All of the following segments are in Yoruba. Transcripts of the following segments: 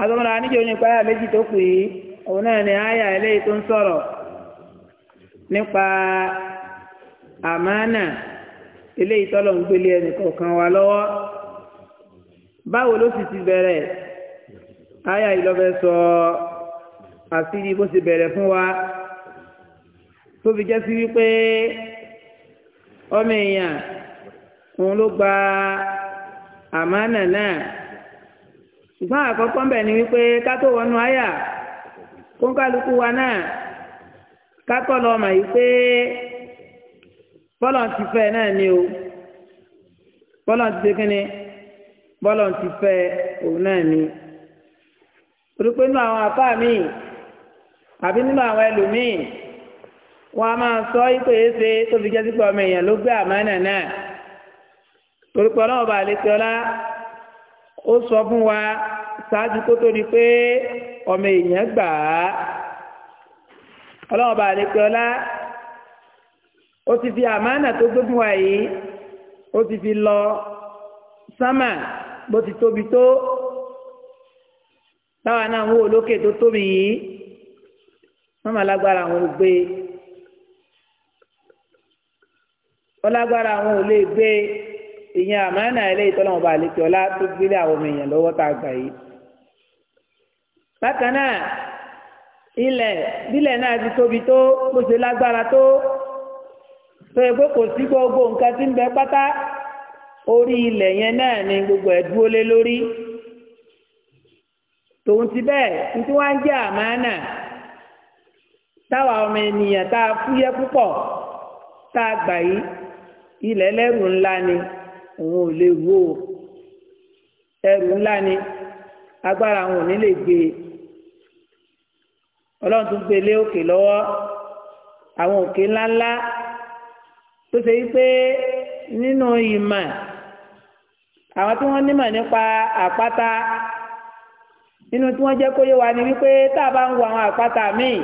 àtọ́mọ́ra níjẹ́ onípa ayà méjì tó pè é òun náà ni ayà eléyìí tó ń sọ̀rọ̀ nípa àmánà eléyìí tọ́lọ̀ ń gbélé ẹnìkọ̀ọ̀kan wa lọ́wọ́ báwo ló sì ti bẹ̀rẹ̀ ayà ìlọ́fẹ́ sọ àṣírí bó ti bẹ̀rẹ̀ fún wa tó fi jẹ́ sí wípé ọmọ èèyàn òun ló gba àmánà náà ṣùgbọ́n àkọ́kọ́ ń bẹ̀ ni wípé ká tó wọnú àyà kóńkálukú wa náà ká kọ́ lọ mọ̀ yìí pé bọ́lọ̀ ti fẹ́ náà ni o bọ́lọ̀ ti ṣe kínni bọ́lọ̀ ti fẹ́ òun náà ni torípé nínú àwọn àpá mi àbí nínú àwọn ẹlòmíì wọn a máa sọ ipò èéṣe e tó fi jẹ́ sípò ọmọ èèyàn ló gbé àmánà náà torípé ọlọ́run bá lè ọlá ó sọ fún wa ṣáájú kó tó di pé ọmọ èèyàn gbà á ọlọ́run bá lè pe ọlá ó ti fi àmánà tó gbógun wá yìí ó ti fi lọ sámà bó ti tóbi tó táwa náà ń wò lókè tó tóbi yìí wọ́n máa lágbára àwọn olùgbé wọ́n lágbára àwọn ò lè gbé ìyẹn àmánà ẹlẹ́yìí tọ́lọ́mọba àlejò ọlá tó gbélé àwọn ọmọ èèyàn lọ́wọ́ tá a gbà yìí bákan náà ilẹ̀ bílẹ̀ náà ti tóbi tó bó ṣe lágbára tó tó yẹ pé kò sí gbogbo nǹkan tí ń bẹ pátá orí ilẹ̀ yẹn náà ni gbogbo ẹ̀ dúró lé lórí tòun ti bẹ́ẹ̀ nítorí wọ́n á jẹ́ àmánà táwa ọmọ ènìyàn tá a fúyẹ́ púpọ̀ tá a gbà yìí ilẹ̀ lẹ́rù ńlá ni òun ò lè wó ẹrù ńlá ni agbára àwọn ò ní lè gbé e ọlọ́run tún gbé lé òkè lọ́wọ́ àwọn òkè ńláńlá tó ṣe wípé nínú ìmọ̀ àwọn tí wọ́n nímọ̀ nípa àpáta nínú tí wọ́n jẹ́ kó yé wa ni wípé tá a bá ń wo àwọn àpáta míì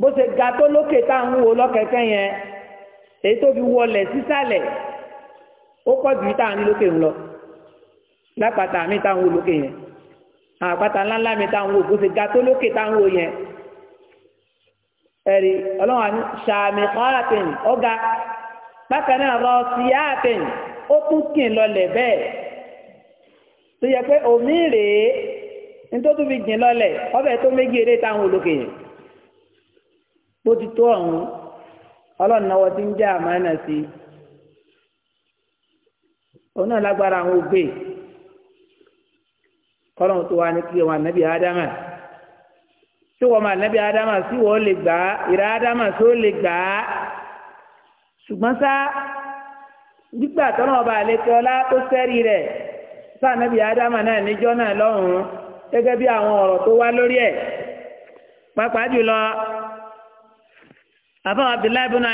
bó ṣe ga tó lókè tá à ń wo lọ́kẹ̀kẹ́ yẹn èyí tó fi wọlẹ̀ sísàlẹ̀ ó pọ̀ jù tá à ń lókè ń lọ lápáta míì tá à ń wo lókè yẹn. àpáta ńláńlá mi táwọn wò bó ga tó lókè táwọn wò yẹn ẹ̀rí ọlọ́run àní ṣàmì ọ̀ràtìn ọ̀gá bákan náà rọ lọlẹ̀ bẹ́ẹ̀ tó yẹ pé omi rèé nítorí fi jìn lọlẹ̀ ọbẹ̀ tó méjì eré táwọn yẹn bó ti tó ọ̀hún ọlọ́run ti ń jẹ́ àmọ́ kọ́lọ́n tó wá ní kí wọn ànábì ádámà tí wọn ma ànábì ádámà sí wọn lè gbà á sí ó lè gbà á ṣùgbọ́n sá nígbà tọ́nà ọba àlejò ọlá tó sẹ́rí rẹ̀ sáà ànábì ádámà náà níjọ́ náà lọ́hùn-ún gẹ́gẹ́ bí àwọn ọ̀rọ̀ tó wá lórí ẹ̀ pàápàá jùlọ abdullahi bin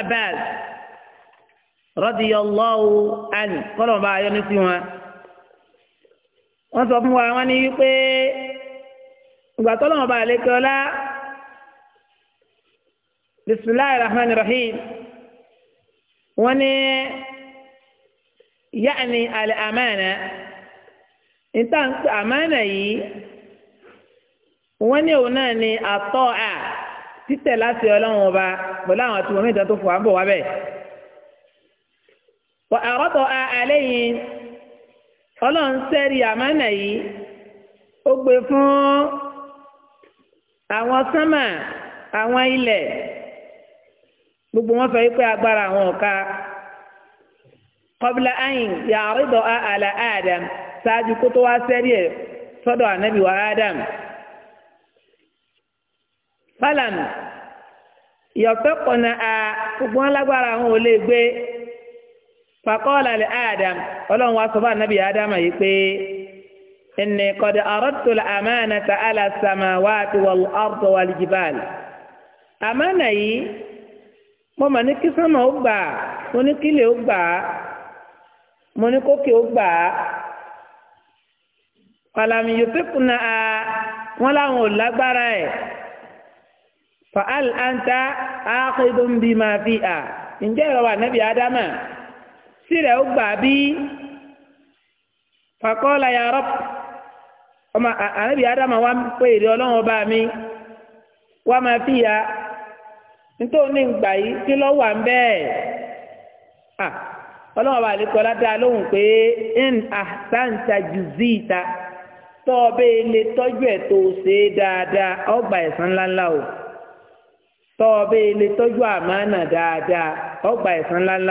kọ́lọ́n ayọ́ ní wọ́n sọ fún wa wọ́n ní wípé ìgbà tọ́lọ́mọ bá lè kọ́lá bisimilahi rahman rahim wọ́n ní yaani alẹ́ amánà níta amánà yìí wọ́n ní òun náà ní atọ́ a títẹ̀ láti ọlọ́run ọba pẹ̀lú àwọn àti wọn méjì tó fò wá wá bẹ́ẹ̀ wọ́n àrọ́tọ̀ a alẹ́ yìí. ọlọ́run sẹ́rí àmánà yìí ó gbé fún àwọn sánmà àwọn ilẹ̀ gbogbo wọn sọ wípé agbára àwọn ọ̀ka kọ́bílà ayin yàrídọ̀ àlà adam ṣáájú kó tó wá sẹ́rí ẹ̀ sọ́dọ̀ ànábì wa adam. fálànù ìyọ̀fẹ́ kọ̀nà à gbogbo wọn lágbára àwọn ò lè gbé. fàkọ́ọ̀lá lè adam ọlọ́run wa sọ fún anabi adam yìí pé ẹnì kọ́dé arọ́tòlá àmàna ta àlà sàmà wà ti wà ọ̀rọ̀tò wà lìjìbàl. àmàna yìí mo mà ní kí sọ́mà ó gbà mo ní kí lè ó gbà mo ní kókè ó gbà falami yòókù na a wọn làwọn ò lágbára ẹ fa al anta akhidun bima fi'a ǹjẹ́ ìrọ̀wà nabi adama. tirẹ̀ ó bi bí ya rọ́p ọmọ ànábì ádámà wa pé èrè ọlọ́run ọba mi ma fi ya nítorí ní ìgbà yìí kí lọ́ wà ń bẹ́ẹ̀ à ọlọ́run ọba àlékọ́ ládá lóhùn pé in ahsanta juzita tó ṣe é dáadáa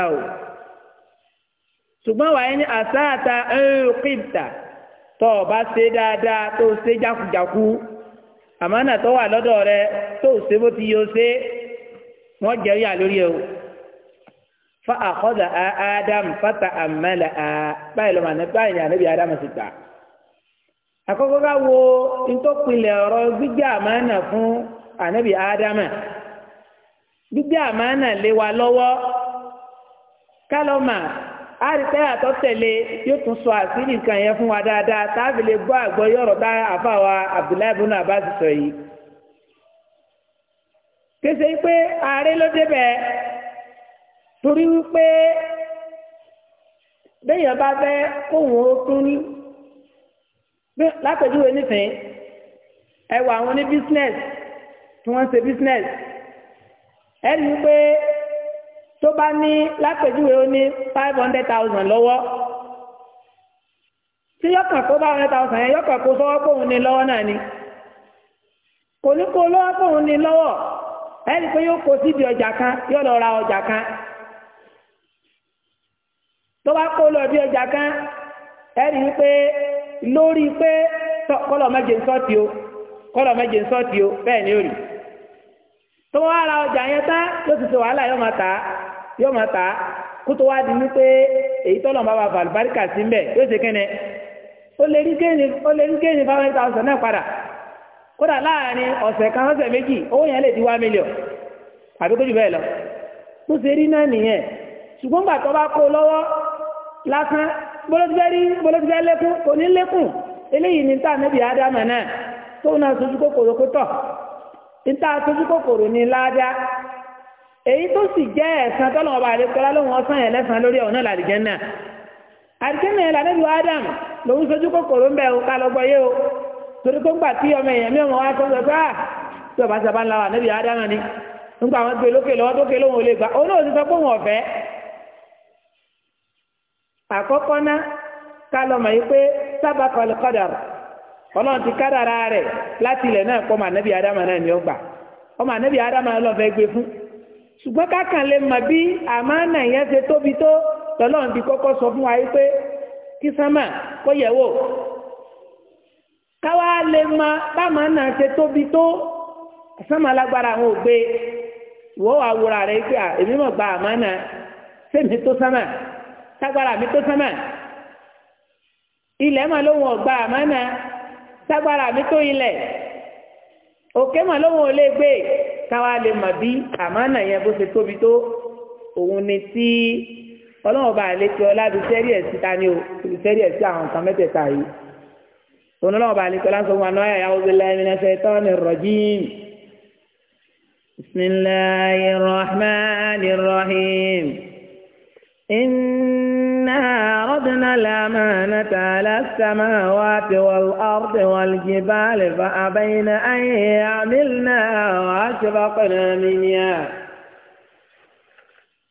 o. ṣùgbọ́n wàá ní àsáàtà ẹ̀ẹ́dẹ́gbẹ̀ta tó o bá ṣe dáadáa tó o ṣe jákujáku àmánà tó wà lọ́dọ̀ rẹ tó o ṣe bó ti yọ ṣe wọ́n jẹ́ yà ẹ̀ o. fa àkọ́dà ádámù fata àmàlà á báyìí lọ́mọ àná báyìí ní ànábì ádámù ti gbà. àkọ́kọ́ ká wo ntọ́pinlẹ̀ ọ̀rọ̀ gbígbé àmánà fún ànábì ádámù gbígbé àmánà lé wa lọ́wọ́ kálọ́mà a rí pé àtọ́ tẹ̀lé yóò tún sọ àṣírí nǹkan yẹn fún wa dáadáa táàbì lè gbọ́ àgbọ̀ yọ̀rọ̀ bá àfàwà Abdullahi ibn Abbas sọ yìí. kése pé ààrẹ ló débẹ̀ torí wípé béèyàn bá fẹ́ kóhùn ó tún ní lápèjúwe nísìnyí ẹ wà àwọn ní business tí wọ́n ń ṣe business ẹ rí i pé. tó bá ní lápèjúwe ó ní five hundred thousand lọ́wọ́ tí yọkàn kó bá hundred thousand yẹn yọkàn kó sọ́wọ́ ní lọ́wọ́ náà ni kò ní kó lọ́wọ́ ní lọ́wọ́ ẹni pé yóò kó síbi ọjà kan yóò lọ ra ọjà kan tó bá kó lọ bí ọjà kan kọlọ méje ń o kọlọ méje ń o ni ó rí tó wá ra ọjà yẹn tán yóò ti yóò máa ta kótó wá di ní pé èyí tọ́lọ̀ bá bá bàlùbáríkà sí mbẹ̀ yóò ṣe kéne ó lè rí kéne ó lè rí kéne náà padà kódà láàrin ọ̀sẹ̀ kan ọ̀sẹ̀ méjì owó yẹn lè di one million àbí kójú bẹ́ẹ̀ lọ ṣe rí náà nìyẹn ṣùgbọ́n bá kó lọ́wọ́ lásán rí kò ní eléyìí táà níbi náà èyí tó sì jẹ́ ẹ̀san tọ́lọ̀ ọba àdékọ́lá lóhun ọsán yẹn lẹ́sàn lórí ọ̀nà làdìjẹ́nà àdìjẹ́nà yẹn lànàbíwá Adam lòun sojú kòkòrò ń bẹ̀ ò ká lọ́gbọ́ yé o torí kó ń gbà tí ọmọ èèyàn mi ọmọ wa tó sọ pé ah tí ọba sábà ń la níbi Adam ni ń gbà wọn gbé lókè lọ́wọ́ tó ké lóhun ò lè gbà òun náà ti sọ pé òun ọ̀fẹ́ àkọ́kọ́ ná ká lọ mọ̀ yìí pé sábà kọlù kọ́dàrà kọ́ mà níbi Adam náà ni ó gbà ọmọ àníbi Adam náà lọ́ọ́ fẹ́ gbé fún ṣùgbọ́n kákan lè mọ̀ bí àmánà yẹn ṣe tóbi tó lọ́lọ́run ti kọ́kọ́ sọ fún wa yìí pé kí sánmà kó yẹ̀ wò káwa lè mọ̀ bámánà ṣe tóbi tó sánmà lágbára àwọn ògbé ìwọ́ wa wúra rẹ̀ pé èmi mọ̀ gba àmánà sẹ́mi tó sánmà ságbára mi tó sánmà ilẹ̀ mà lóhùn ọ̀gbà àmánà ságbára mi tó ilẹ̀ òkè mà lóhùn ò káwá lè mọ̀ bí àmánà yẹn bó ṣe tóbi tó òun ni tí ọlọ́run bá lè fi ọlá bisẹ́rì ẹ̀ sí tani o bisẹ́rì ẹ̀ sí àwọn nǹkan mẹ́tẹ̀ẹ̀ta yìí òun ọlọ́run bá lè fi ọlá sọ fún wa náà lẹ́yìn ẹ̀ṣẹ̀ tọ́ rọ̀jìn bisimilayi rahman rahim inna. وعرضنا الأمانة على السماوات والأرض والجبال فأبين أن يعملنا وأشفقنا منها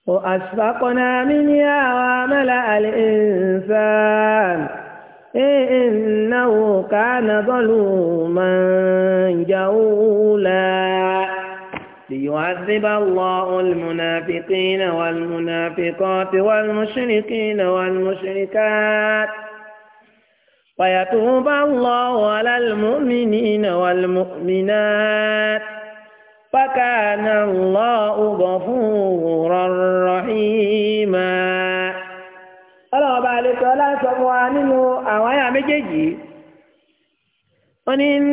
وأشفقنا منها وملأ الإنسان إيه إنه كان ظلوما جولا ليعذب الله المنافقين والمنافقات والمشركين والمشركات ويتوب الله على المؤمنين والمؤمنات فكان الله غفورا رحيما ọlọ́wọ́ bá lè sọ láti ọmọ wa nínú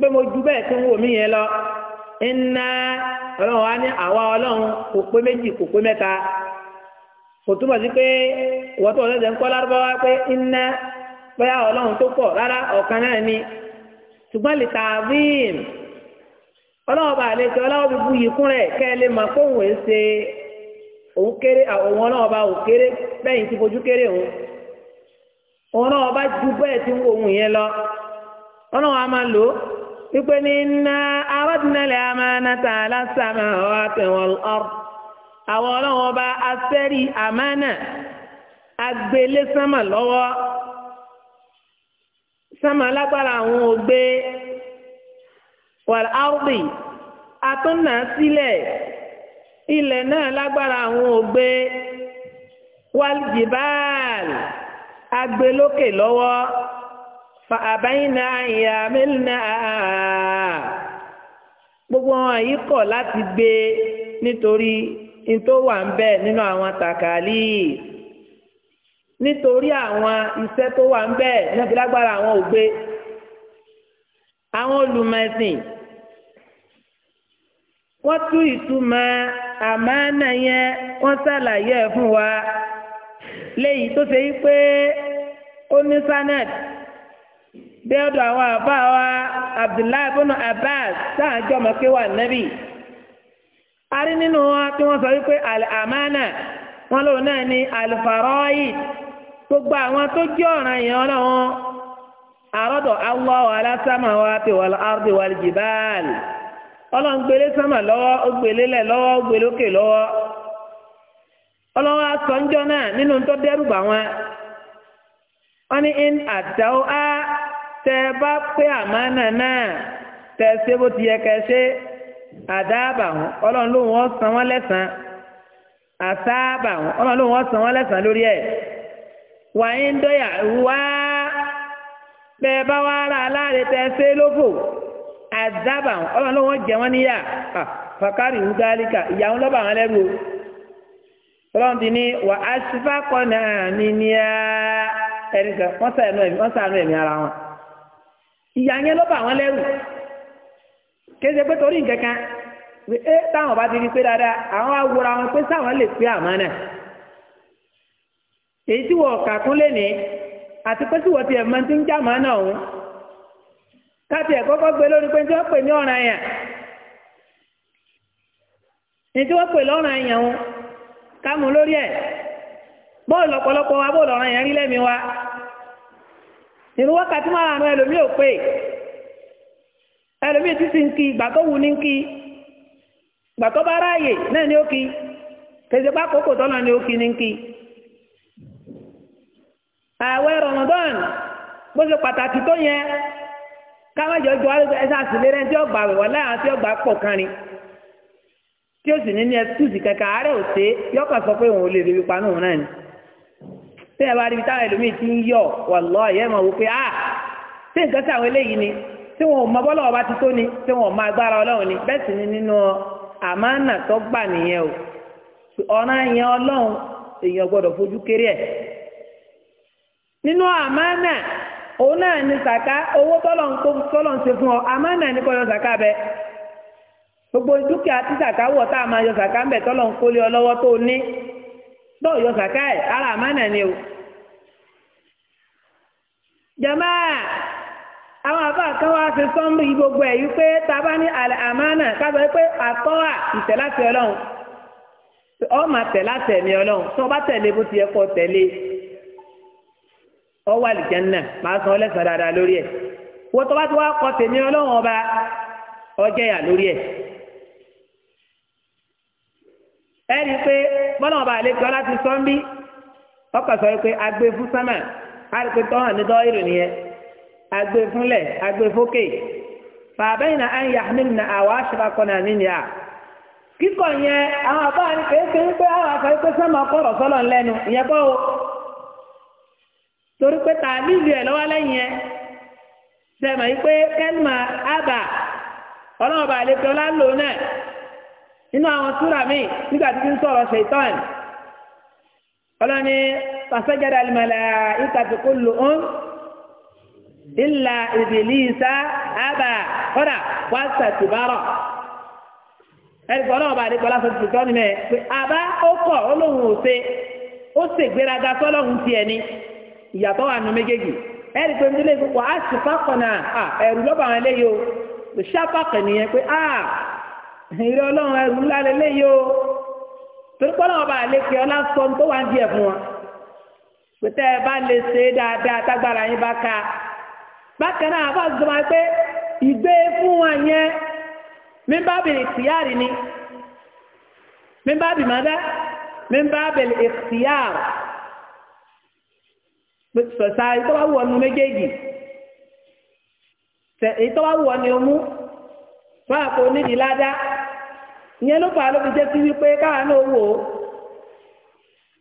pé mo ju bẹ́ẹ̀ tí ń wò mí yẹn lọ iná ọlọ́run wa ní àwa ọlọ́run kò pé méjì kò pé mẹ́ta kò túmọ̀ sí pé ìwọ́n tó ọ̀sẹ̀ ń kọ́ lárúbáwá pé iná bóyá ọlọ́run tó pọ̀ rárá ọ̀kan náà ni ṣùgbọ́n lè ta ọlọ́run bá lè ṣe ọlọ́run bíbu yìí kún rẹ̀ kẹ́ ẹ lè kó òun ṣe òun kéré àwọn ọlọ́run bá òun kéré lọ ọlọ́run á máa wípé ní iná arọ́dínlẹ̀ amánátà alásàmì ọ̀rọ̀ àtẹ̀wọ̀n ọ̀rọ̀ àwọn ọlọ́run ọba asẹ́rì amánà agbélé sánmà lọ́wọ́ sánmà lágbára àwọn ògbé wàlárùbì àtúnà sílẹ̀ ilẹ̀ náà lágbára àwọn ògbé wàlìjìbáàlì agbélókè lọ́wọ́ fàbáyínà ìyá mẹ́lìnà gbogbo wọn yìí kọ̀ láti gbé nítorí ntó wà ń bẹ nínú àwọn tàkàlì nítorí àwọn iṣẹ́ tó wà ń bẹ níbi lágbára àwọn ògbé àwọn olùmẹ̀sìn wọ́n tú ìtumọ̀ àmánà yẹn wọ́n ṣàlàyé ẹ̀ fún wa léyìí tó ṣe yí pé ó ní sánẹ́tì. dé àwọn àbá wa abdullahi abbas sáàjọ mọ̀kéwà nàbì a rí nínú wa tí wọ́n sọ wípé al-amana wọn lòun náà ní al gbogbo àwọn tó jẹ́ ọ̀ràn yẹn àrọ́dọ̀ ala samawati wal ardi wal jibal ọlọ́run gbélé sámà lọ́wọ́ ó gbélé lẹ̀ lọ́wọ́ ó gbélé òkè lọ́wọ́ ọlọ́wọ́ asọ̀njọ́ náà nínú tó dẹ́rù bà wọn ní in tẹ bá pé àmánà náà tẹ ṣe bó ti yẹ kẹ ṣe àdáàbà wọn ọlọ́run ló wọn san wọn lẹ́sàn-án àsáàbà wọn ọlọ́run ló wọn san wọn lẹ́sàn-án lórí ẹ̀ wàyí ń dọ́yà wá bẹ́ ẹ bá wá ra aláàrẹ tẹ ṣe lófò àdáàbà wọn ọlọ́run ló wọn jẹ wọn níyà fàkárì ugalika ìyá wọn lọ́ba àwọn ẹlẹ́rú o ọlọ́run ti ní wà á ṣífà kọ́nà nínú ẹ̀rí kan wọ́n sàánú ẹ̀mí ara wọn. ìyà yẹn ló bà e lẹ́rù kéde pé torí nǹkan kan ẹ táwọn bá ti rí pé dáadáa àwọn awòrán àwọn pé sáwọn lè pé àmọ́ náà èyí tí wọ́n kà kún ní àti pé tí ti ẹ̀mọ́ ti ń já àmọ́ náà òun káti kọ́kọ́ gbé lórí pé tí pè ní yẹn tí pè yẹn mú lórí wa yẹn rí wa. ìrun wákàtí márùn-ún ẹlòmí ò ẹlòmí títí ń kí ìgbà tó wù ní kí ìgbà tó bá ráàyè náà ni ó kí kèsì bá kókò ni ó kí ní kí. ààwẹ̀ Ramadan bó ṣe pàtàkì tó yẹn káwájọ jọ ẹsẹ àṣìlérẹ tí ọgbà wẹwà tí ọgbà tí ó sì ní ní kẹkẹ tí ẹ bá rí táwọn ẹlòmíì ti ń yọ wàlọ́ ẹ̀yẹ́ mọ̀ wò pé a ah, ṣé nǹkan tí àwọn eléyìí ni tí wọn ò mọ bọ́lá ti tó ni tí wọn ò mọ agbára ọlọ́run ni bẹ́ẹ̀ ni nínú àmánà tó gbà nìyẹn o ọ̀nà yẹn ọlọ́run èèyàn gbọ́dọ̀ fojú kéré ẹ̀ nínú àmánà òun náà ni sàká owó tọ́lọ̀ ń ṣe ọ àmánà ní kọ́ yọ sàká bẹ́ẹ̀ gbogbo dúkìá tí sàká wọ̀ tá a máa yọ sàká ń bẹ̀ tọ́lọ̀ ọ lọ́wọ́ bọ́ọ̀ yọ kàkà ẹ̀ ara àmánà ni o. jama àwọn àbá kan wá fi sọ́mù yìí gbogbo ẹ̀ yìí pé taba ní àlẹ́ àmánà kábọ̀ pé àtọ́ à ìtẹ̀ láti ọlọ́run ọ máa tẹ̀ láti ẹ̀mí ọlọ́run tí wọ́n bá tẹ̀lé bó ti yẹ kó tẹ̀lé ọ wà lìjánná máa san ọlẹ́sàn dáadáa lórí ẹ̀ wọ́n tó bá ti wá kọ́ tèmi ọlọ́run ọba ọjẹ́ yà lórí ẹ̀. ẹ̀rí pé bọ́lá ọba àlejò láti sọ bí ọkọ̀ sọ pé agbe fún sámà àrí pé tọ́hàn ní dọ́ìrì nìyẹn agbe fúnlẹ̀ agbe fókè fàbẹ́yìn náà àyìn na àwọn aṣọ́kọ̀ náà níyà kíkọ̀ yẹn àwọn àbá àrí pé pé àwọn àfẹ́ pé sámà kọ̀rọ̀ sọ́lọ̀ ìyẹn o torí pé nínú àwọn súrà míì nígbà tí ń sọ̀rọ̀ ṣèitán ọlọ́ni pàṣẹjáde àlùmọ̀lá ìkàtí kò lò ó ìlà ìbìlísà àbà kọ́dà wà sàtìbárọ̀ ẹnìkan náà bá àdékọ́lá sọ ti tọ́ nílẹ̀ pé àbá ó kọ̀ ó lóun ò ṣe ó ṣègbéraga sọ́lọ́hún tiẹ̀ ni ìyàtọ̀ wà nù méjèèjì ẹ̀rí pé nílé ìfowópamọ́ àṣìfàkọ̀nà ẹ̀rù lọ́ba àwọn eléyìí o ṣàfàkọ̀ nìyẹn pé ìrẹ́ ọlọ́run ẹrù ńlá lélẹ́ o torí pé ọlọ́run ọba àlékè ọlá sọ tó wà ń di ẹ̀fún wọn pété ẹ bá lè ṣe é dáadáa tágbára yín bá ka bákan náà àbá zọmọ pé ìgbé fún wọn yẹn mímbábì ìtìyàrì ni mímbábì mọ́dá mímbábì ìtìyàrì sọ̀sà ìtọ́wá wọ̀ ọ́nu méjèèjì ìtọ́wá wọ̀ ọ́nu ọmú wọn àpò nídìí ládá ìyẹn ló fà á ló fi jẹ́ sí wípé káwa náà wò ó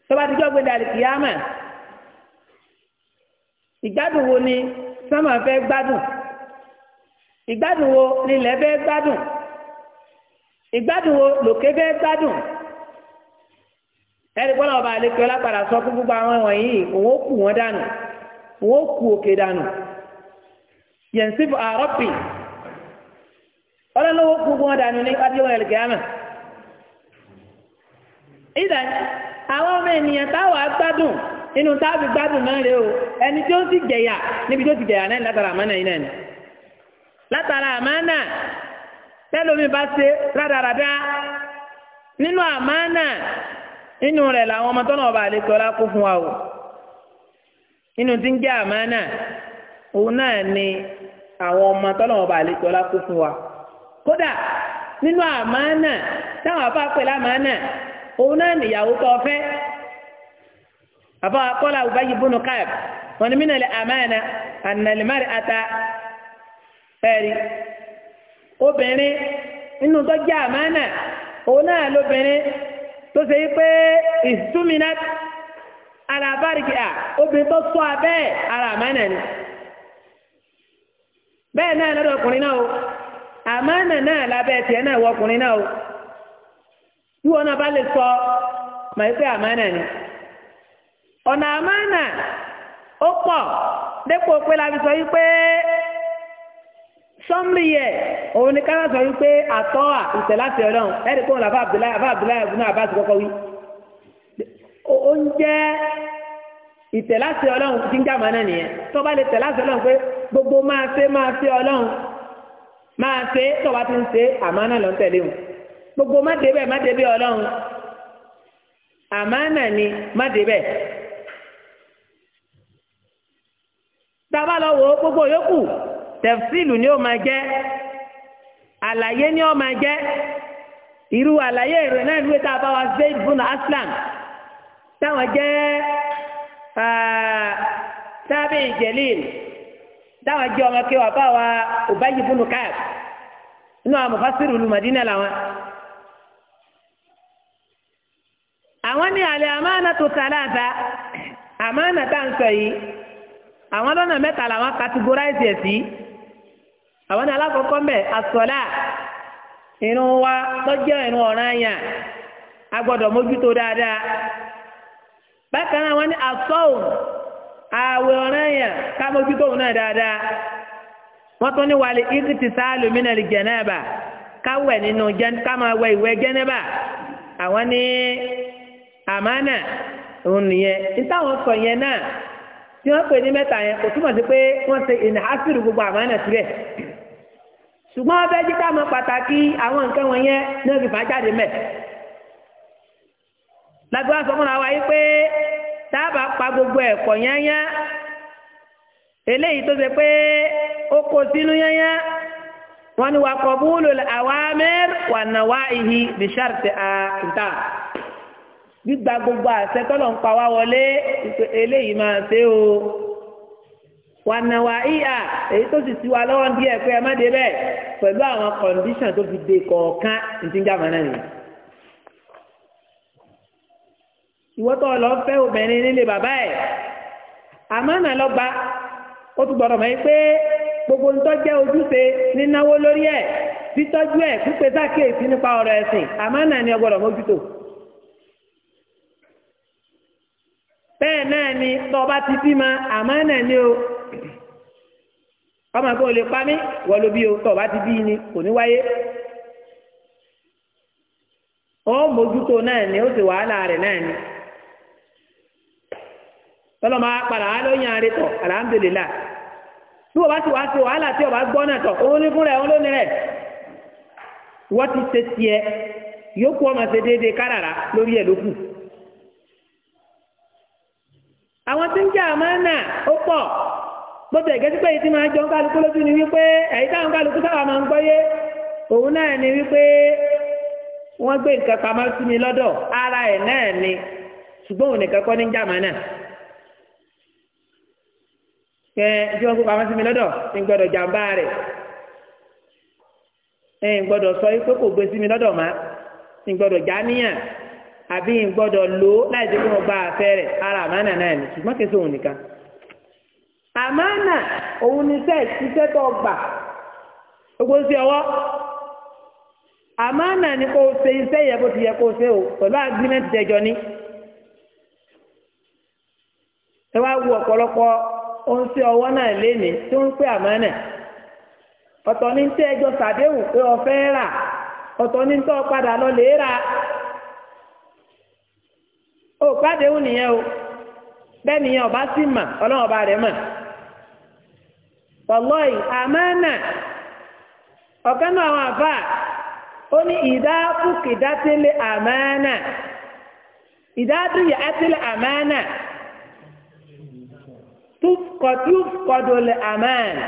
tó bá ti jọ́ gbé dàlí kìyàmà ìgbádùn wo ni sánmà fẹ́ gbádùn ìgbádùn wo nílẹ̀ fẹ́ gbádùn ìgbádùn wo lòkè fẹ́ gbádùn ẹni pọ́nà ọba àlekè ọlápàdà sọ fún gbogbo àwọn wọ̀nyí òun ó kù wọn dànù òun ó kù òkè dànù yẹn sí àrọ́pì ọlọ́lọ́wọ́ gbogbo wọn dànù ní adé wọn ẹ̀lẹ́gàmà ìdá àwọn ọmọ ènìyàn táwọn agbádùn inú táàbí gbádùn náà rèé o ẹni tí ó ti jẹ̀yà níbi tó ti jẹ̀yà náà látara àmánà yìí náà ni látara àmánà tẹ́lómi bá ṣe rádaràdá nínú àmánà inú rẹ̀ làwọn ọmọ tọ́nà ọba àlejò ọlá kó fún wa o inú tí ń jẹ́ àmánà òun náà ni àwọn ọmọ tọ́nà ọba àlejò ọlá kó fún wa o kódà nínú àmánà táwọn àbá pẹ̀lú àmánà òun náà nìyàwó tó fẹ́ àbá kọ́lá Ubayy ibn Ka'b wọn ni mí nàlẹ́ àmánà ànàlẹ́márì ata ẹ̀rí obìnrin nínú tó jẹ́ àmánà òun náà lóbìnrin tó ṣe yí pé ìsúmínà alábárìkì obìnrin tó sọ abẹ́ ara àmánà ni bẹ́ẹ̀ náà lọ́dọ̀ ọkùnrin náà o àmánà náà lábẹ́ tiẹ̀ náà wọ ọkùnrin náà o tí wọn náà bá lè sọ màá pé àmánà ni ọ̀nà àmánà ó pọ̀ dépò pé láti sọ wípé sọ́mìyẹ òun ni káwọn sọ wípé àtọ́ à ìtẹ̀ láti ọlọ́run ẹ̀rí kóun làbá Abdullahi àbá Abdullahi àbúná àbá ti kọ́kọ́ wí ó ń jẹ́ ìtẹ̀ láti ọlọ́run ti ń jà mọ́ náà nìyẹn tó bá lè tẹ̀ láti ọlọ́run pé gbogbo máa ṣe máa ṣe ọlọ́run máa ṣe tọ́ba ti ń ṣe àmánà ló ń tẹ̀lé o gbogbo má débẹ̀ má débẹ̀ ọlọ́run àmánà ni má débẹ̀ tába lọ wò ó gbogbo yòókù tẹ̀fsílù ni ó máa jẹ́ àlàyé ni ó máa jẹ́ irú àlàyé rẹ̀ náà ló tá a bá wa zayd bùnà aslam táwọn jẹ́ ah, tábìlì jẹ̀líìlì táwọn jẹ́ ọmọ kéwàá bá wa Ubayy ibn Ka'b nínú àwọn mufasiru olùmọ̀dínà làwọn. àwọn ní alẹ́ àmàna tó sàlàtà àmàna tá ń sọ yìí àwọn lọ́nà mẹ́ta làwọn categorize ẹ̀ sí àwọn ní alákọ̀ọ́kọ́ mẹ́ àsọ̀lá irun wa lọ́jọ́ irun ọ̀ràn yàn a gbọ́dọ̀ mójútó dáadáa bákan náà wọ́n ní àsọ̀hùn. ààwẹ̀ ọ̀ràn yẹn kámojútó òun náà dáadáa wọ́n tún ní wàlẹ̀ ìkìtì sáàlù mí nàlì jẹ̀nẹ́bà káwẹ̀ nínú kámawẹ̀ ìwẹ̀ jẹ́nẹ́bà àwọn ní àmánà òun nìyẹn ìtàwọn sọ yẹn náà tí pè ní yẹn kò túmọ̀ sí pé gbogbo àmánà ṣùgbọ́n ọbẹ̀ jí táàbà pa gbogbo ẹ̀kọ́ yányá eléyìí tó ṣe pé ó kó sínú yányá wọn ni wà kọ búlò àwámẹ́r wà nàwá ihi bíṣàrtì àtúntà gbígba gbogbo àṣẹ tọ́lọ̀ ń pa wá wọlé eléyìí máa ṣe o wà nàwá ìhà èyí tó sì ti wà lọ́wọ́ díẹ̀ pé ẹ má dé bẹ́ẹ̀ pẹ̀lú àwọn kọ̀ǹdíṣàn tó fi de kọ̀ọ̀kan ìdíjà mọ́nà nìyẹn. ìwọ́tọ̀ lọ fẹ́ obìnrin nílé bàbá ẹ̀ àmánà lọ gba ó tún gbọ́dọ̀ mọ̀ pé gbogbo ń tọ́jẹ́ ojúṣe nínáwó lórí ẹ̀ títọ́jú ẹ̀ pípẹ́ sákèésí nípa ọ̀rọ̀ ẹ̀sìn àmánà ni ó gbọ́dọ̀ mójútó. bẹ́ẹ̀ náà ni tọ́ba ti bímọ àmánà ni o ọmọ kò lè pa mí wọ́n bí o tọ́ba ti bí ni kò ní wáyé ó mójútó náà ni ó sì wàhálà rẹ̀ náà ni. tọ́lọ́ máa padà wá lóyún àárẹ̀ tọ̀ alhamdulilá tí o bá ti wá sí wàhálà tí o bá gbọ́ náà tọ̀ òun ní òun rẹ̀ wọ́n ti ṣe tiẹ̀ ọmọ ṣe déédéé kárara lórí ẹ̀ ni wípé táwọn kálukú sábà máa ń òun ni wípé wọ́n gbé nǹkan pamọ́ sí mi lọ́dọ̀ ara ni ṣùgbọ́n òun nìkan kọ́ ní pé ẹjọ́ gbogbo àwọn sinmi lọ́dọ̀ ń gbọ́dọ̀ jàǹbá rẹ̀ ń gbọ́dọ̀ sọ pé kò gbé sinmi lọ́dọ̀ má ń gbọ́dọ̀ já níyàn àbí ń gbọ́dọ̀ lò láì jẹ́ kí wọ́n gba àfẹ́ rẹ̀ ara àmánà náà ni ṣùgbọ́n kì í sóhun nìkan. àmánà òun ni sẹ́ẹ̀ ṣiṣẹ́ tó gbà gbogbo sí ọwọ́ àmánà ni kò ṣe iṣẹ́ yẹ kó ti yẹ kó ṣe o pẹ̀lú agreement dẹjọ ni. ẹ wá wo ọ̀pọ̀lọpọ̀ ó ń ọwọ́ náà léni tí ó ń pè àmánà ọ̀tọ̀ ní tí ẹjọ́ sàdéhùn pé o rà ọ̀tọ̀ ní tó padà lọ lè rà ó pàdéhùn nìyẹn o bẹ́ẹ̀ nìyẹn ọba sì mà ọlọ́run ọba rẹ̀ mà wàlọ́ọ̀ì àmánà ọ̀kan náà àwọn àbá ó ní ìdáfùkì dátélé àmánà ìdádúyà átélé àmánà. kọdúkọdù lè àmàna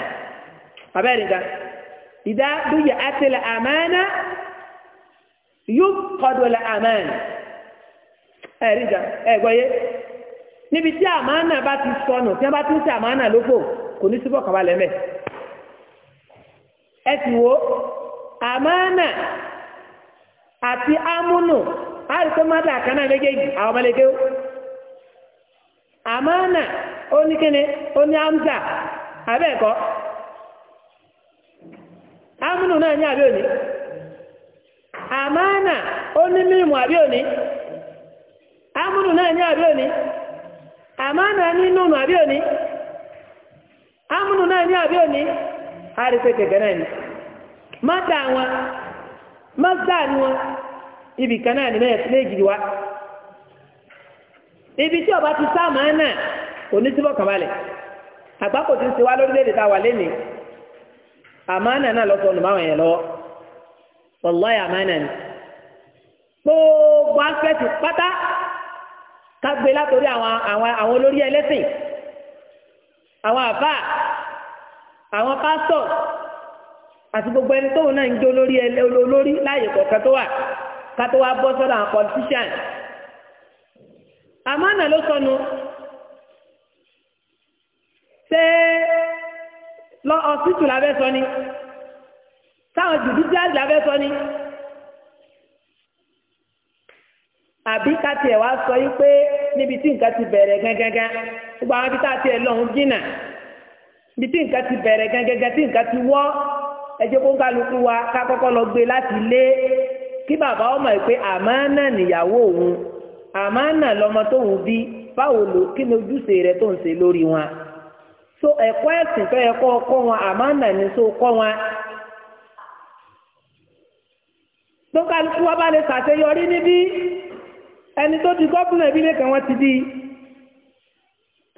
bàbá yẹn nìkan ìdá dúyà àti lè àmàna yóò kọdù lè àmàna tí àmàna bá ti sọnù tí wọ́n bá ti ń ṣe àmàna lóko kò ní ó ní amza abẹ́ẹ̀kọ́ amúnù náà ní àbí àmánà ó ní mímù náà ní àbí àmánà ní nùnù àbí náà ní mọ́tà wọn mọ́tà ni wọn ibì kan náà ibi tí ọba ti sá onítìmọ̀ kàbálẹ̀ àgbákò tí ń ṣe wá lórílẹ̀‐èdè tá a wà lénìí àmánà náà lọ́sọ̀ ọ̀nà máwọn yẹn lọ́wọ́ wallahi àmánà ni gbogbo aspect pátá kágbé látòrí àwọn àwọn àwọn olórí ẹlẹ́sìn àwọn àfà àwọn pásítọ̀ àti gbogbo ẹni tóun náà ń jó lórí olórí láàyè kọ̀ọ̀kan tó wà ká tó wá bọ́ sọ́dọ̀ àwọn politician àmánà ló sọnù ṣé lọ ọsítù lábẹ́ sọ ni táwọn jùdíṣíárì lábẹ́ sọ ni àbí ká tiẹ̀ wá sọ yín pé níbi tí nǹkan ti bẹ̀rẹ̀ gangan gbogbo àwọn ibi tá a tiẹ̀ lọ́hùn jìnnà ibi tí nǹkan ti bẹ̀rẹ̀ gangan tí nǹkan ti wọ́ ẹjẹ́ kó ń kálukú wa ká kọ́kọ́ lọ gbé láti lé kí bàbá ọmọ yìí pé àmọ́ náà nìyàwó òun àmọ́ náà lọmọ tóun bí báwo ló kí ni ojúṣe rẹ tó ń ṣe lórí wọn. so ẹkọ ẹ̀sìn tó yẹ kọ́ kọ́ wọn àmọ́ nà ní so kọ wọn. tó kálukú wa bá lè ṣàṣeyọrí níbí ẹni tó di gómìnà ìbílẹ̀ kan wọ́n ti bí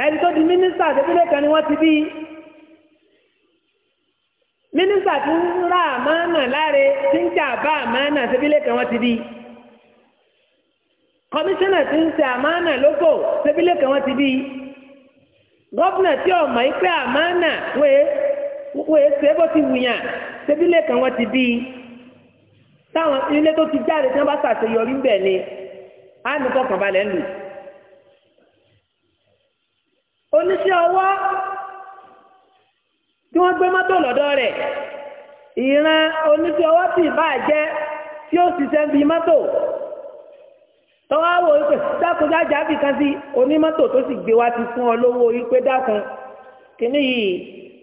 ẹni tó di mínísítà ìbílẹ̀ kan ni wọ́n ti bí mínísítà tó ń ra àmọ́nà láre tí ń jà bá àmọ́nà ìbílẹ̀ kan wọ́n ti bí kọmíṣánná ń ṣe lóko ìbílẹ̀ kan wọ́n ti bí. gọ́fìnà tí ọmọ ikpe pé àmánà wee èé ṣe bó ti wùyàn ṣebílé ka wọ́n ti bí i táwọn ilé tó ti jáde tí wọ́n bá ṣàṣeyọrí bẹ̀ ni á ní kọkànbalẹ̀ lù. oníṣẹ́ ọwọ́ tí wọ́n gbé mọ́tò lọ́dọ̀ rẹ̀ ìran oníṣẹ́ ọwọ́ tì bá jẹ́ tí ó ṣiṣẹ́ bíi mọtò tọ́wọ́ wò wípé dákun jájá bì kan sí onímọ́tò tó sì gbé wá ti fún ọ lówó wípé dákun kìíní yìí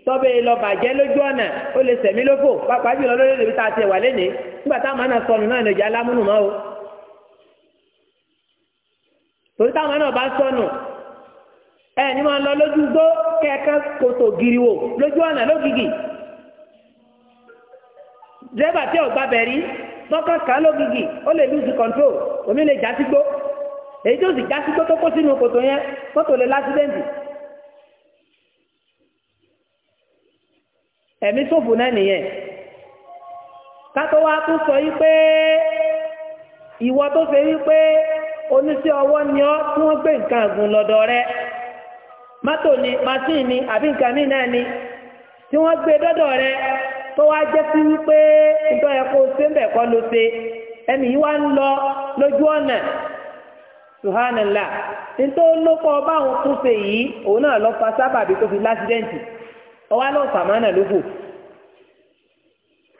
tọ́bẹ̀ lọ bàjẹ́ lójú ọ̀nà ó lè sẹ̀mí lófò pàápàá jùlọ lórí ìlú tá a ti wà lénìí nígbà táwọn máa ń sọnù náà lè jẹ́ alámúnù mọ́ o torí táwọn náà bá sọnù ẹ ní máa lọ lójú gbó kẹ́ẹ̀kan kòtò giriwo lójú ọ̀nà lógìgì dírẹ́bà tí ò tọ́kàn ká lógìgì ó lè lose control omi lè já sígbó èyí tó sì já sígbó tó kó sínú kòtò yẹn kòtò lè lásídẹ́ǹtì ẹ̀mí ṣòfò náà nìyẹn kátó wá tó sọ yí pé ìwọ tó ṣe yí pé oníṣẹ́ ọwọ́ ni ọ́ tí wọ́n gbé nǹkan àgùn lọ́dọ̀ rẹ mọ́tò ni màsíìnì àbí nǹkan míì náà ni tí wọ́n gbé dọ́dọ̀ rẹ tó wá jẹ́ sí wípé ìjọ yẹ kó ṣe ń bẹ̀ kọ́ ló ṣe ẹnì yìí wá ń lọ lójú ọ̀nà suhanala nítorí ó lókọ báwọn tún ṣe yìí òun náà lọ fa sábàbí tó fi lásìdẹ́ǹtì ọwọ́ ló fà má nà ló fò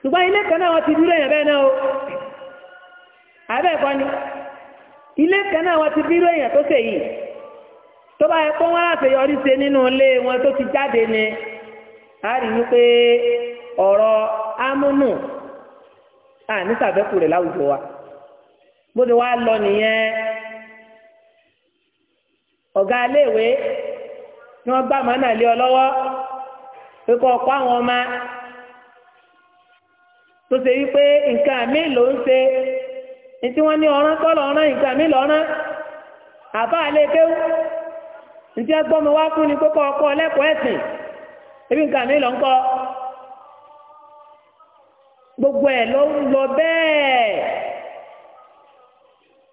ṣùgbọ́n ilé kan náà wọ́n ti dúró èèyàn bẹ́ẹ̀ náà o àbẹ́ ẹ̀kọ́ ni ilé kan náà wọ́n ti dúró èèyàn tó ṣe yìí tó bá yẹ kó wọ́n láṣeyọrí ṣe nínú ilé wọn tó ti jáde ni a rí wípé ọ̀rọ̀ amúnù à ní sàbẹ́kù rẹ̀ wa bó ti lọ nìyẹn ọ̀gá iléèwé ni wọ́n gbà mọ́nà lé ọ lọ́wọ́ pé kọ́ ọ̀pọ̀ àwọn ọmọ tó ṣe wípé nǹkan mi ló ń ṣe ní tí wọ́n ní ọ̀rán nǹkan àbá ni pé kọ́ ọkọ lẹ́kọ̀ọ́ ẹ̀sìn ebi nǹkan lọ́ gbogbo ẹ̀ ló ń lọ bẹ́ẹ̀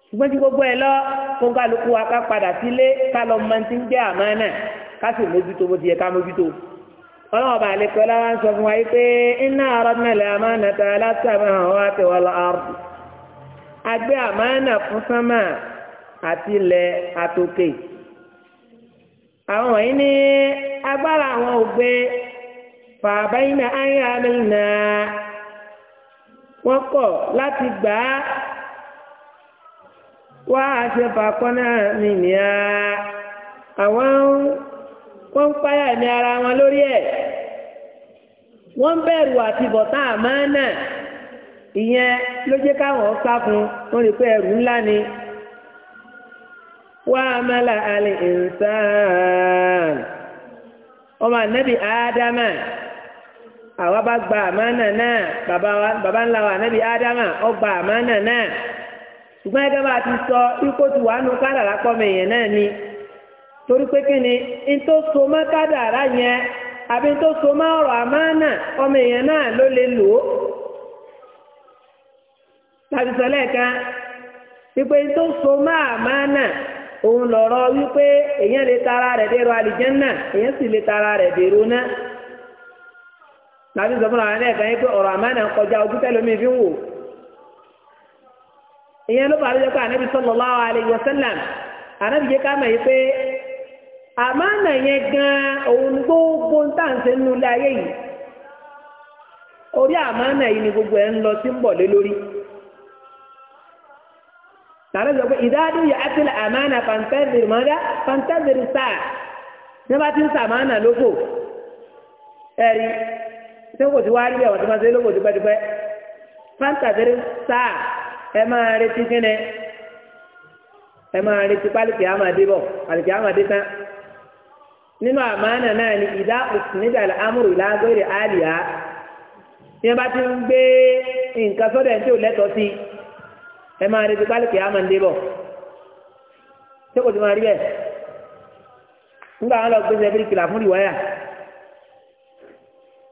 ṣùgbọ́n tí gbogbo ẹ̀ lọ kó kálukú wa ká padà sílé ká lọ mọ ti ń jẹ́ àmánà ká sì mójútó bó ti yẹ ká mójútó ọlọ́wọ́ bá lè pẹ́lá wá ń sọ fún wa yìí pé inna aradna al-amanata ala samawati wal ard agbé àmánà fún sánmà àti ilẹ̀ àtòkè àwọn wọ̀nyí ní agbára àwọn ògbé fàbáyínà ayé àmì náà. wọ́n kọ̀ láti gbà á wá àṣẹfà kọ́nà mi ní a àwọn wọ́n ń páyà ní ara wọn lórí ẹ̀ wọ́n ń bẹ̀rù àti bọ̀tá àmánà ìyẹn ló jẹ́ káwọn sá fún wọn lè pé ẹrù ńlá ni wá àmàlà àlè ìnsán ọmọ ànábì ádámà. àwa bá gba àmánà náà bàbá ńlá wa ànábì ádámà ó gba àmánà náà ṣùgbọ́n ẹgbẹ́ bá ti sọ ikó ti wà nù kádàrá pọ́mọ èèyàn náà ni torí pé kí ni n tó so mọ́ kádàrá yẹn àbí n tó so mọ́ ọ̀rọ̀ àmánà ọmọ èèyàn náà ló lè lò ó tàbí sọ lẹ́ẹ̀kan n tó so mọ́ àmánà òun lọ̀rọ̀ wípé èèyàn lè tara rẹ̀ dèrò àlìjẹ́nnà èèyàn sì lè rẹ̀ dèrò náà. láti sọ fún àwọn ẹlẹ́ẹ̀kan yín pé ọ̀rọ̀ àmánà kọjá ojú tẹ́lómi fi ń wò ìyẹn ló bá lóye pé ànábi sallallahu alayhi wa sallam ànábi yẹ ká mọ̀ yìí pé yẹn gan òun gbogbo ń tàǹsẹ̀ nínú ilé yìí orí àmánà yìí ni gbogbo ẹ̀ ń lọ sí ń bọ̀ lé lórí tààrà sọ pé mọ́dá sáà ní bá ti ń ṣé kò ti wá rí àwọn tó máa ṣe lóko tipẹ́tipẹ́ fanta tẹ́lẹ̀ sáà ẹ máa retí kíni ẹ máa retí pálíkì àmàdé bọ̀ pálíkì àmàdé tán nínú àmàna náà ni ìdá òsínìdà amúrò ìlágbére àlìyá tí wọ́n bá ti ń gbé nǹkan sọ́dọ̀ ẹ̀ tí ò lẹ́tọ̀ọ́ sí ẹ máa retí pálíkì àmàdé bọ̀ ṣé kò ti máa rí bẹ́ẹ̀ nígbà wọn lọ gbé sẹ́fìrì kìlà fún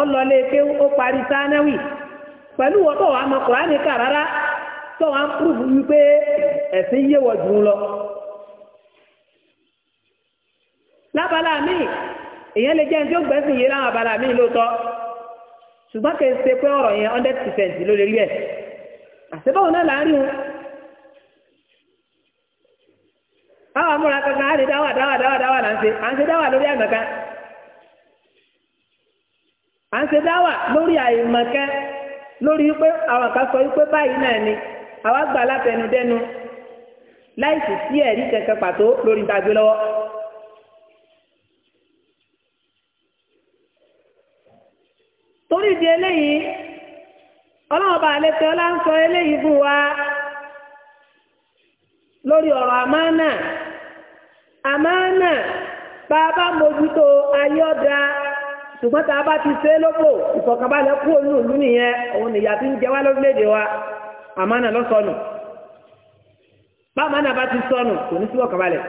ọlọlẹ eke ó parí sánáwì pẹ̀lú wọtọ wà mọ kùránì kà rárá tó wà ń púrúfù wípé ẹ̀sìn yé lọ. lábala mi èèyàn lè jẹ́ ẹni tó gbẹ́sìn yé láwọn abala mi lóòótọ́ ṣùgbọ́n kì í ṣe pé ọ̀rọ̀ yẹn hundred percent ló lè rí ẹ̀ àṣebáwo náà là ń kankan á lè dáwà dáwà dáwà dáwà là ń ṣe à ń ṣe dáwà lórí àìmọ̀kẹ́ lórí pé àwọn kan sọ wípé báyìí náà ni àwa gbà látẹnudẹ́nu láìsí sí ẹ̀rí kẹ̀kẹ́ pàtó lórí ìdágbé lọ́wọ́. torí ìdí eléyìí ọlọ́run bá alẹ́ tẹ́ ọlá ń sọ eléyìí fún wa lórí ọ̀rọ̀ àmánà àmánà bá a bá mójútó ṣùgbọ́n tá a bá ti ṣe é lóko ìfọ̀kànbalẹ̀ kú òun ìlú nìyẹn òun nìyà tí ń jẹ wá lórílẹ̀‐èdè wa àmánà lọ sọnù bámánà bá ti sọnù kò ní sí ìfọ̀kànbalẹ̀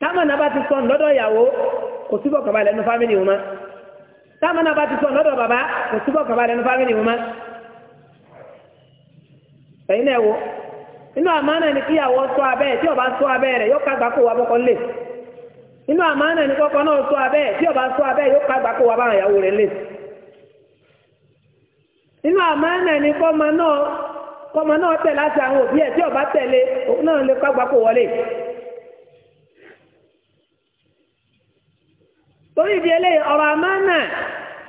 támánà bá ti sọnù lọ́dọ̀ ìyàwó kò sí ìfọ̀kànbalẹ̀ nínú fámìlì wọn mọ́ támánà bá ti sọnù lọ́dọ̀ bàbá kò sí ìfọ̀kànbalẹ̀ nínú fámìlì wọn mọ́ ẹ̀yin náà wo inú àmánà ni kíyàwó sọ abẹ́ tí ó bá sọ abẹ́ rẹ̀ yóò ká gbàkó bọ́kọ́ lè inú àmánà ní kọ́kọ́ náà sọ abẹ́ tí ọba sọ abẹ́ yóò ká gbàkó wa báwọn ìyàwó rẹ̀ lè inú àmánà ní kọ́mọ náà kọ́mọ náà tẹ̀ láti àwọn òbí ẹ̀ tí ọba tẹ̀lé òun náà lè ká gbàkó wọlé. torí ìdí eléyìí ọ̀rọ̀ àmánà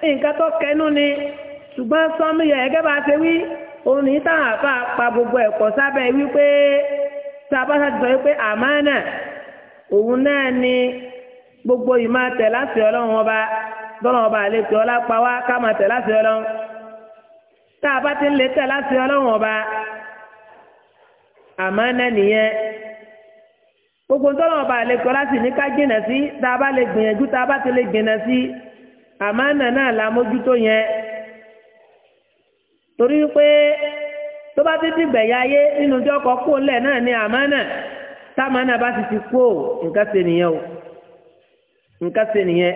nǹkan tó kẹnu ni ṣùgbọ́n sọ́mi yẹn bá ṣe wí òun táwọn àfa pa gbogbo ẹ̀kọ́ sábẹ́ wípé tá a bá ṣàtìsọ wípé àmánà òun náà ni gbogbo yìí máa tẹ̀ láti ọlọ́run ọba tọ́lọ́ ọba àlejò ọlá pa wá ká máa tẹ̀ láti ọlọ́run tá a bá ti ń lè tẹ̀ láti ọlọ́run ọba àmọ́ náà nìyẹn gbogbo tọ́lọ́ ọba àlejò ọlá sì ní ká jìnà sí tá a bá lè gbìyànjú tá a bá ti lè jìnà sí àmọ́ náà náà la mójútó yẹn torí pé tó bá ti dìgbẹ̀yà ayé nínú tí lẹ̀ náà ni àmọ́ náà táàmù náà bá sì ti kó nǹkan ṣe nìyẹn o nǹkan ṣe nìyẹn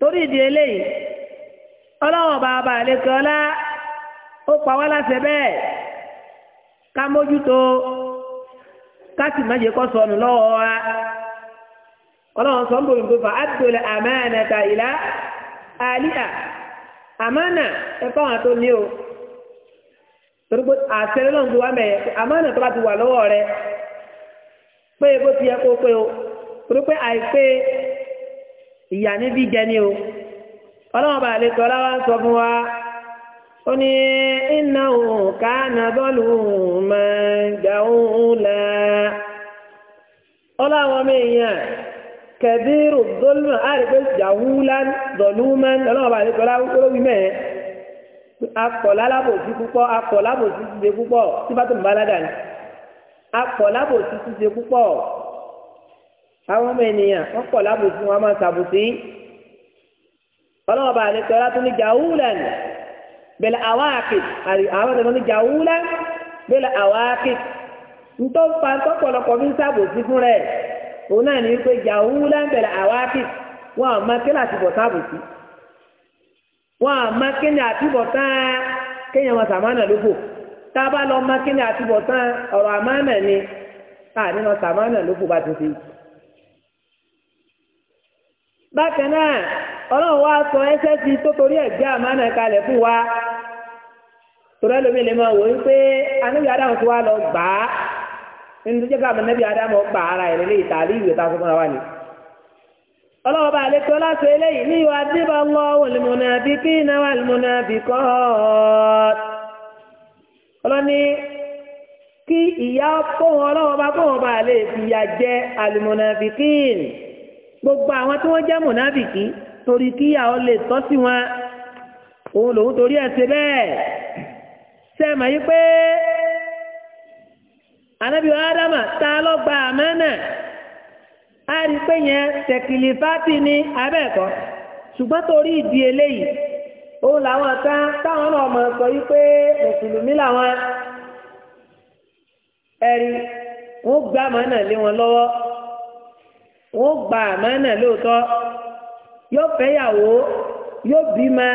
torí ìdí eléyìí ọlọ́wọ́ bàbá àlekọ́ ọlá ó pa wá láṣẹ bẹ́ẹ̀ ká mójútó ká sì má jẹ kó sọnù lọ́wọ́ wa ọlọ́wọ́ sọ ń bòmí pé fa adùn àmánà ta ìlà àlíà àmánà ẹ̀fọ́ àwọn tó ní o torí pé àtẹ̀lẹ́ náà ń wá mẹ́yẹ àmánà tó bá ti wà lọ́wọ́ rẹ pé bó ti yẹ kó pé o torí pé àìpé ìyà níbí jẹ ní o ọlọ́run bá lè sọ láwá sọ fún wa ó ní iná òun ká na bọ́ọ̀lù máa jà òun la ọlọ́run ọmọ èèyàn kẹ̀dírù dọ́lùmọ̀ àrègbèsì jà wúlá dọ̀lùmọ̀ ọlọ́run bá lè sọ láwá sọ fún akọ̀ lálábòsí púpọ̀ akọ̀ lábòsí ti ṣe púpọ̀ tí bá tó ń bá aládà ni akọ̀ lábòsí ti ṣe púpọ̀ àwọn ọmọ ènìyàn wọ́n kọ̀ lábòsí wọn máa ṣàbòsí ọlọ́wọ́ bá àlejò ọlá tó ní jàúlẹ̀ ni bẹ̀lẹ̀ àwáàkì àwọn ọ̀dọ́ ní jàúlẹ̀ bẹ̀lẹ̀ àwáàkì ntọ́ fa ntọ́pọ̀lọpọ̀ fi ń ṣàbòsí fún rẹ̀ òun náà ní pé jàúlẹ̀ bẹ̀lẹ̀ àwáàkì wọn àwọn ọmọ kíláàsì bọ̀ ṣàbòsí wọn à má kéde àtúbọ̀tán kéèyàn wọn sàmánà lóko tá a bá lọ má kéde àtúbọ̀tán ọ̀rọ̀ àmánà ni ká nínú sàmánà lóko bá ti fi. bákan náà ọlọ́run wa sọ ẹsẹ́ ti tó torí ẹ̀ gbé àmánà kalẹ̀ fún wa torí ẹlòmí lè máa wò ó pé anábì adamu ti wá lọ gbà á nínú tó jẹ́ ká àmọ́ anábì adamu gbà ara ẹ̀ lélẹ́yìí tààrí ìwé tá a sọ fún wa ni ọlọ́wọ́ bá lè tó láti eléyìí ní ìwà díbà lọ́wọ́ lèmọ̀nàbí kí iná wà lèmọ̀nàbí kọ́ ọlọ́ni kí ìyá fóun ọlọ́wọ́ bá fóun bá lè fìyà jẹ àlùmọ̀nàbí kí gbogbo àwọn tí wọ́n jẹ́ mọ̀nàbí kí torí kí ìyàwó lè tọ́ sí wọn òun lòun torí ẹ̀ ṣe bẹ́ẹ̀ sẹ́mọ̀ yí pé anábìwọ̀n ádámà tá a lọ gba àmánà a rí pé yẹn tẹ̀kìlìfáàtì ní abẹ́ẹ̀kọ́ ṣùgbọ́n torí ìdí eléyìí òun làwọn kan táwọn náà mọ̀ sọ yí pé mùsùlùmí làwọn ẹ̀rí wọ́n gbá màánà lé wọn lọ́wọ́ wọ́n gbà màánà lóòótọ́ yóò fẹ́yàwó yóò bímọ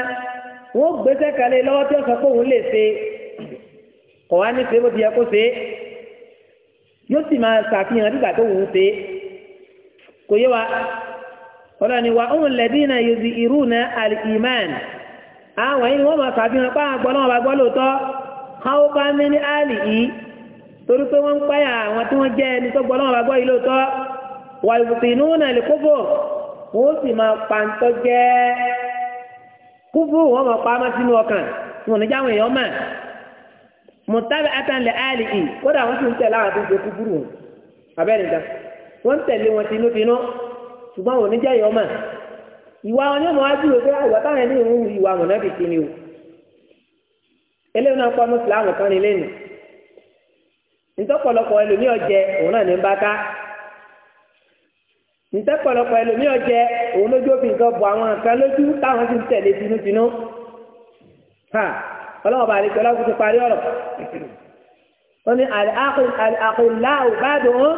wọ́n gbéṣẹ́ kalẹ̀ lọ́wọ́ tí ó sọ pé òun lè ṣe kọ̀ ní ṣe bó ti yẹ kó ṣe yóò sì máa ṣàfihàn nígbà tó òun ṣe kò yé wa ọlọ́run ni wa òun lẹ́bí náà yóò di irú náà al-iman àwọn yìí wọ́n máa sàfihàn pa àgbọ̀ náà wà gbọ́ lóòótọ́ káwọ́ bá mí ní àlì yìí torí pé wọ́n ń páyà àwọn tí wọ́n jẹ́ ẹni tó gbọ́ náà wà gbọ́ yìí lóòótọ́ wà ìbùsùn inú náà lè kófò wọ́n sì máa pàǹtọ́ jẹ́ kúfù wọ́n máa pa á sínú ọkàn wọn níjà àwọn èèyàn mọ̀ mùtábẹ́ àtàlẹ̀ àlì yìí kódà wọ́n sì ń tẹ̀lé àwọn tó wọ́n ń tẹ̀lé wọn tinútinú ṣùgbọ́n àwọn oníjẹ́ yọ mà ìwà wọn yóò máa dúró pé àìwá ah, táwọn ẹni ìrún ìwà wọn náà bìkì ni o eléyìí náà kọ́ mùsùlùmí kan ní lẹ́nu ntọ́pọ̀lọpọ̀ ẹlòmíọ̀ jẹ òun náà ní ń bá ká ntọ́pọ̀lọpọ̀ ẹlòmíọ̀ jẹ òun lójú òfin kan bọ̀ àwọn nǹkan lójú táwọn ti ń tẹ̀lé tinútinú ha ọlọ́wọ́ bá rí pẹ̀lú àkùtù parí ọ̀rọ̀ wọ́n ní àkùnláwò bá dùn ún.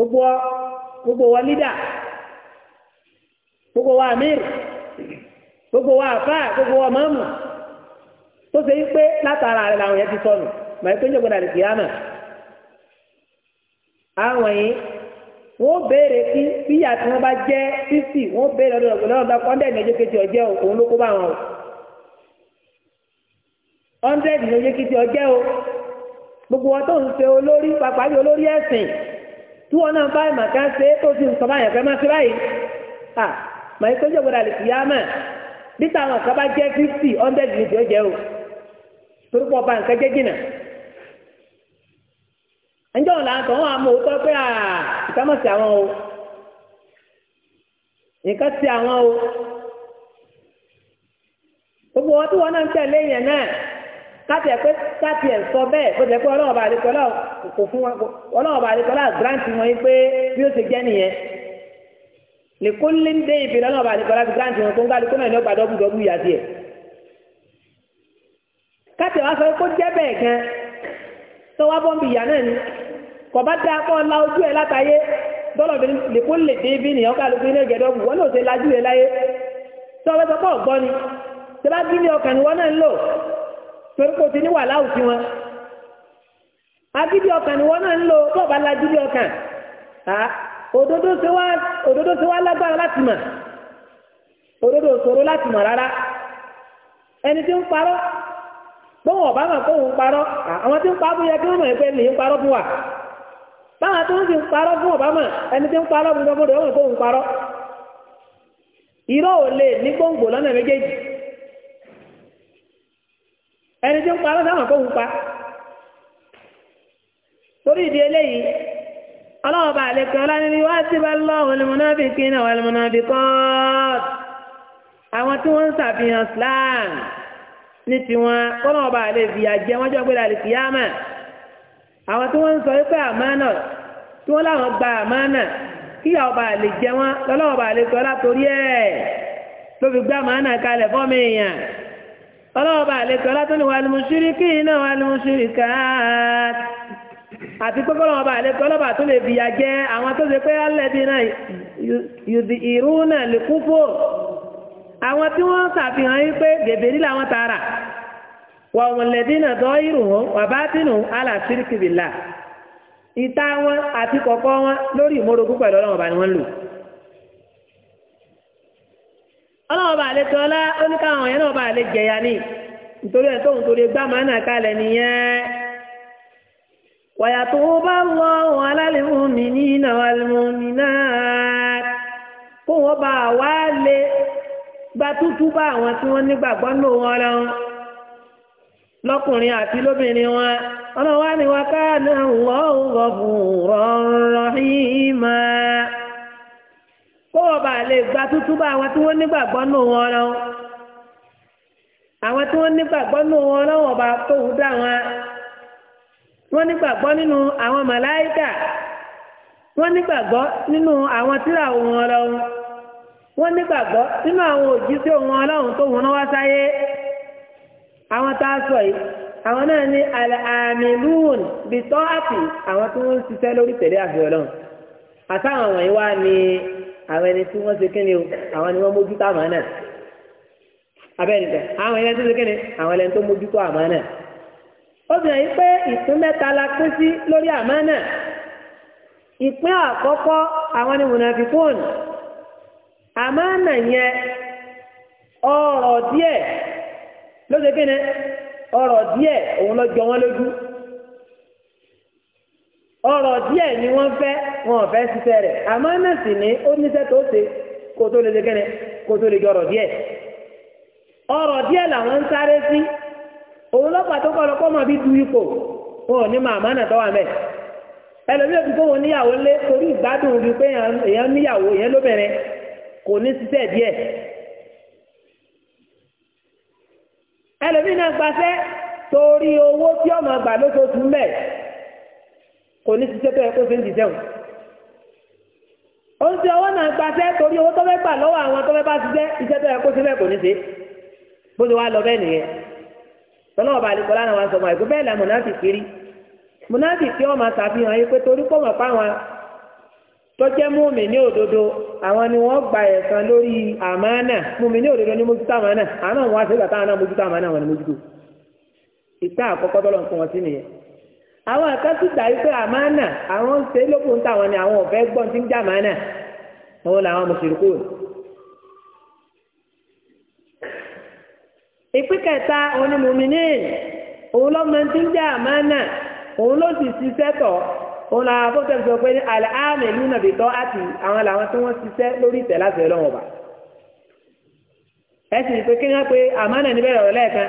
gbogbo gbogbo wa lídà gbogbo wa amir gbogbo wa afa gbogbo wa mamu tó ṣe pé látara rẹ̀ làwọn yẹn ti sọnù màá pé njẹ́ gbọ́dọ̀ àdìsí àwọn yìí wọ́n béèrè kí bíyà tí wọ́n bá jẹ́ fífì wọ́n béèrè ọdún ọgbọnọ ọgbà kọńdẹẹdì ní ọjọ́ kejì ọjẹ o òun ló kó bá wọn o ọńdẹẹdì ní ọjọ́ kejì ọjẹ o gbogbo wọn tó ń ṣe olórí pàpàbí olórí ẹ̀sìn. tí wọn náà bá ìmọ̀ kan ṣe tó ti nǹkan báyìí ọ̀fẹ́ máa ṣe báyìí à mà yìí péjọ gbọdọ̀ àlè fìyà bí táwọn kan bá jẹ́ fifty hundred ní ìjọ jẹ́ o torí pọ̀ bá nǹkan jẹ́ jìnà àmọ́ o sí àwọn o gbogbo wọn tí wọn náà ń tẹ̀lé káti ẹ̀ pé káti ẹ̀ sọ bẹ́ẹ̀ bó ti ẹ̀ pé ọlọ́ọ̀bà àdìkọ́lá kò fún wọn ọlọ́ọ̀bà àdìkọ́lá gírántì wọn pé bí ó ti jẹ́ nìyẹn nìkúlé ń dé ibi lọ́nàbà àdìkọ́lá ti gírántì wọn tó ń gbá àdìkọ́lá ní ọgbà dọ́bù dọ́bù yà tiẹ̀ káti ẹ̀ wá sọ pé jẹ́ bẹ́ẹ̀ gan tó wá bọ́ǹbì yà náà ni kò bá dáa kọ́ la ojú ẹ̀ látàyé tọ́lọ̀bìnrin nìkúlé dé ibi torí kò ti ní wà láwùjọ wọn agídí ọkàn ni wọn náà ń lò bọ́ọ̀bá lagídí ọkàn òdodo ṣe wá lágbára láti mà òdodo ṣòro láti mà rárá ẹni tí ń parọ́ bọ́wọ̀n ọ̀bá mà kó òun parọ́ àwọn tí ń pa bóyá kí wọ́n mọ̀ ti ń fún ọ̀bá mà ẹni tí ń parọ́ fún ọmọdé kó ò ẹni tí ń pa lọ́sàmọ̀ kó wù pa torí ìdí eléyìí ọlọ́wọ́ bá lè kan lánìí ni wá sí lọ́wọ́ ni mùnáfíkí náà wà ní mùnáfíkọ́t àwọn tí wọ́n ń ṣàfihàn Islam ní tiwọn kọ́nà bá lè fi àjẹ wọ́n jọ gbéra lè fi àwọn tí wọ́n ń sọ wípé àmánà tí wọ́n láwọn gba àmánà kíyà ọba lè jẹ wọn lọ́lọ́wọ́ bá lè kan látorí ẹ̀ ló fi gbá àmánà kalẹ̀ fọ́ọ̀mù èèyàn ọlọ́ọ̀bà àlejò ọlátọ́ni wà lùmú ṣíríkì iná wà lùmú ṣíríkà àti pé kọ́lọ́ọ̀bà àlejò ọlọ́bà tó lè bìyà jẹ́ àwọn tó ṣe pé alẹ́bí náà yùdì ìrú náà lè kú fò àwọn tí wọ́n ṣàfihàn yí pé gèbèrè làwọn tààrà wà ọmọlẹ́dí náà tọ́ irun wọn wà bá tìǹù àlà ṣíríkì bìlà ìta wọn àti kọ̀kọ́ wọn lórí ìmọ̀rogún pẹ̀lú ọlọ́ọ̀bà ni wọ́n lò ọlọ́wọ́ bá lè tọ́lá ó ní káwọn yẹn náà bá lè jẹ̀yà ní nítorí ẹ̀ tó torí gbá màá nà kalẹ̀ nìyẹn. bá lọ wọn alálẹ́mú mi ní ìnáwó alẹ́mú mi kó bá wá lé gba tútú bá àwọn tí wọ́n nígbàgbọ́ nù wọn lọ́wọ́ àti lóbìnrin wọn ọlọ́wọ́ ká náà wọ́n fún yìí máa. kọ́wọ́ bá lè gba tútú bá àwọn tí wọ́n nígbàgbọ́ nù wọn lọ. àwọn tí wọ́n nígbàgbọ́ nù wọn lọ́wọ́ bá tóhu dá wọn. wọ́n nígbàgbọ́ nínú àwọn màláìkà. wọ́n nígbàgbọ́ nínú àwọn tírà wọn lọ. wọ́n nígbàgbọ́ nínú àwọn òjíṣẹ́ wọn ọlọ́run tó wọn wá sáyé. àwọn tá a sọ yìí àwọn náà ní àmìlúùn bìtọ́ àpì àwọn tí wọ́n ń ṣiṣẹ́ lórí tẹ̀lé àfihàn ọlọ́run àtàwọn wọ̀nyí wá ní àwọn ẹni tí wọ́n ṣe kíni o àwọn ni wọ́n mójútó àmánà abẹ́rẹ́ àwọn ẹni tó ṣe kíni àwọn ẹni tó mójútó àmánà obìnrin yìí pé ìpín mẹ́ta la pín sí lórí àmánà ìpín àkọ́kọ́ àwọn ni mùnàfíkún àmánà yẹn ọ̀rọ̀ díẹ̀ ló ṣe kíni ọ̀rọ̀ díẹ̀ òun ló jọ wọ́n lójú. ọrọ̀ díẹ̀ ni wọ́n fẹ́ wọn ò fẹ́ rẹ̀ àmọ́ náà sì ní ó níṣẹ́ tó ṣe kó tó lè tó lè jọ ọrọ̀ díẹ̀ ọrọ̀ díẹ̀ làwọn ń sáré sí òun lọ́pàá tó du ipò wọn ò ní náà mẹ́ òbí wọn níyàwó lé torí ìgbádùn rí pé èèyàn níyàwó èèyàn lóbìnrin kò ní díẹ̀ náà kò ní ṣiṣẹ́ tó yẹ kó ṣe ń ṣiṣẹ́ o ó ń ṣe ọwọ́ náà gbaṣẹ́ torí owó tó fẹ́ gbà lọ́wọ́ àwọn tó fẹ́ bá ṣiṣẹ́ iṣẹ́ tó yẹ kó ṣe bẹ́ẹ̀ kò ní ṣe bó ṣe wá lọ bẹ́ẹ̀ nìyẹn tọ́lá ọba àlekọ́ lánàá wa sọ ma ìgbó bẹ́ẹ̀ la mọ̀nàfì kiri mọ̀nàfì kí wọ́n máa ṣàfihàn yìí pé torí kó mọ̀ fáwọn tó jẹ́ múmi ní òdodo àwọn ni wọ́n gba ẹ̀san lórí àmánà múmi ní òdodo ní mójútó àmánà àmọ́ wọn á ṣe gbàtà àná mójútó àmánà wọn ni mójútó ìta àkọ́kọ́ tọ́lọ́ nǹkan wọn sí nìyẹn àwọn àkásùgbà yìí pé àmánà àwọn ń ṣe lókun táwọn ni àwọn ọ̀fẹ́ gbọ́n ti ń jà àmánà àwọn làwọn mùsùlùkù. ìpín kẹta òun ni mùmíní òun lọ́mọ ti ń jà àmánà òun ló sì ṣiṣẹ́ tọ̀ òun làwọn afọ́sẹ́ sọ pé ní àlẹ́ àmì ìlú nàbì tọ́ àti àwọn làwọn tí wọ́n ṣiṣẹ́ lórí ìtẹ̀ láti ẹ̀ lọ́wọ́ bá. ẹ sì pé kí wọ́n pe àmánà níbẹ̀rẹ̀ ọ̀rẹ́ lẹ́ẹ̀kan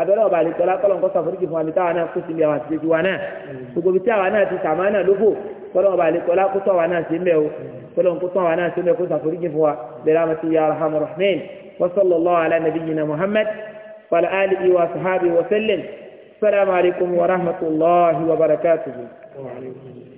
abẹ́rẹ́ ọba àlejò alákọ̀ọ́lọ́ nǹkan sàforíjì fún àmì táwa náà kó sí ibi àwọn àtijọ́ wa náà gbogbo ibi tí àwa náà ti sàmá náà lófò kọ́lọ́ ọba àlejò alákótó àwa náà sí mbẹ́ o kọ́lọ́ nǹkótó àwa náà sí mbẹ́ kó sàforíjì fún wa bẹ̀rẹ̀ àmọ́ sí ya arhamar rahimin wa sallallahu ala nabiyyina muhammad wa ala alihi